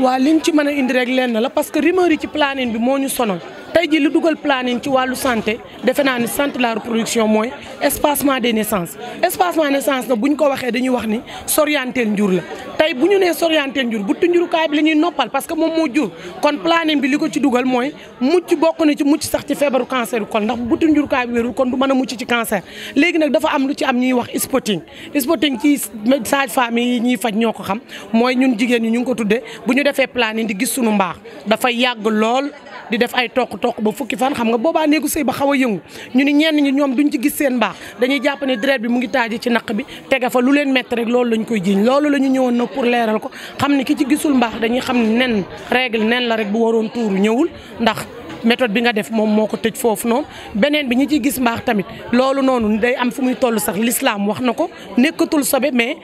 waa liñ ci mën a indi rek lenn la parce que rumeur yi ci planning bi moo ñu sonal tey jii li dugal planning ci wàllu santé defe naa ni santé la reproduction mooy espacement des naissances espacement naissance na bu ñu ko waxee dañuy wax ni sorianteel njur la tey bu ñu nee soriante njur bu njurukaay bi la ñuy noppal parce que moom moo jur kon planning bi li ko ci dugal mooy mucc bokk na ci mucc sax ci feebaru cancer kon ndax bu tunjurukaay bi kon du mën a mucc ci cancer léegi nag dafa am lu ci am ñuy wax spotting spotting ci sage-femme yi ñuy faj ñoo ko xam mooy ñun jigéen ñi ñu ngi ko tuddee bu ñu defee planning di gis suñu mbaax dafay yàgg lool di def ay tokk-tokk ba fukki fan xam nga boobaa néegu sëy ba xaw a yëngu ñu ni ñenn ñi ñoom duñ ci gis seen baax dañuy jàpp ne deret bi mu ngi taaj ci naq bi tege fa lu leen métti rek loolu lañ koy jiiñ loolu la ñu ñëwoon nag pour leeral ko xam ne ki ci gisul mbaax dañuy xam ne nen règle nen la rek bu waroon tuuru ñëwul ndax méthode bi nga def moom moo ko tëj foofu noonu beneen bi ñi ciy gis mbaax tamit loolu noonu day am fu muy toll sax l'islam wax na ko nekkatul sobe mais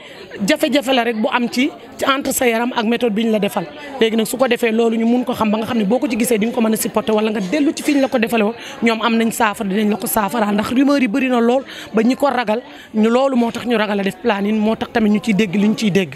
jafe-jafe la rek bu am ci entre sa yaram ak méthode bi ñu la defal léegi nag su ko defee loolu ñu mun ko xam ba nga xam ne boo ko ci gisee di nga ko mën a supporter wala nga dellu ci fi ñu la ko defale woon ñoom am nañ saafara dinañ la ko saafara ndax rumeur yi bëri na lool ba ñi ko ragal ñu loolu moo tax ñu ragal a def planning moo tax tamit ñu ciy dégg li ñu ciy dégg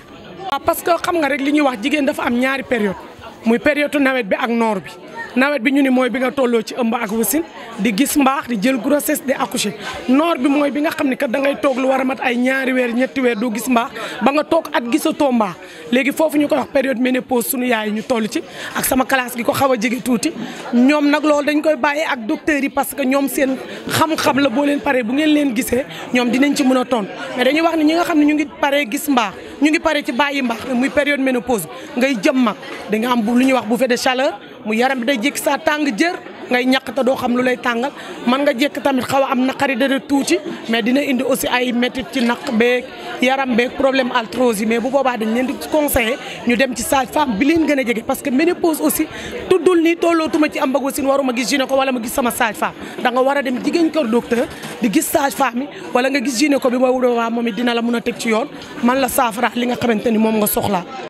waaw parce que xam nga rek li ñuy wax jigéen dafa am ñaari période muy période nawet bi ak noor bi nawet bi ñu ni mooy bi nga tolloo ci ëmb ak wasin di gis mbaax di jël grossesse di accoucher noor bi mooy bi nga xam ne kat dangay toog lu war a mat ay ñaari weer ñetti weer doo gis mbaax ba nga toog at gisatoo mbaax léegi foofu ñu ko wax période ménopause sunu yaay ñu toll ci ak sama classe gi ko xaw a jege tuuti ñoom nag loolu dañ koy bàyyi ak docteurs yi parce que ñoom seen xam-xam la boo leen paree bu ngeen leen gisee ñoom dinañ ci mën a ton mais wax ne ñi nga xam ne ñu ngi paree gis mbaax ñu ngi paré ci bayyi mbax muy période menopause ngay jëm mag da nga am lu ñuy wax bouffée de chaleur mu yaram day jéggi sa tàng jër ngay ñàkk te doo xam lu lay tàngal man nga jekk tamit xaw a am naqari dara tuuti mais dina indi aussi ay métit ci naq beeg yaram beeg problème arthrose yi mais bu boobaa dañ leen di conseiller ñu dem ci sage-femme bi leen gën a jege parce que ménopause aussi tuddul ni tollootuma ci am bagoo sin waruma gis ko wala ma gis sama sage-femme danga nga a dem jigéen kër docteur di gis sage-femme yi wala nga gis ko bi mooy boobaa moom it dina la mun a teg ci yoon man la saafara li nga xamante ni moom nga soxla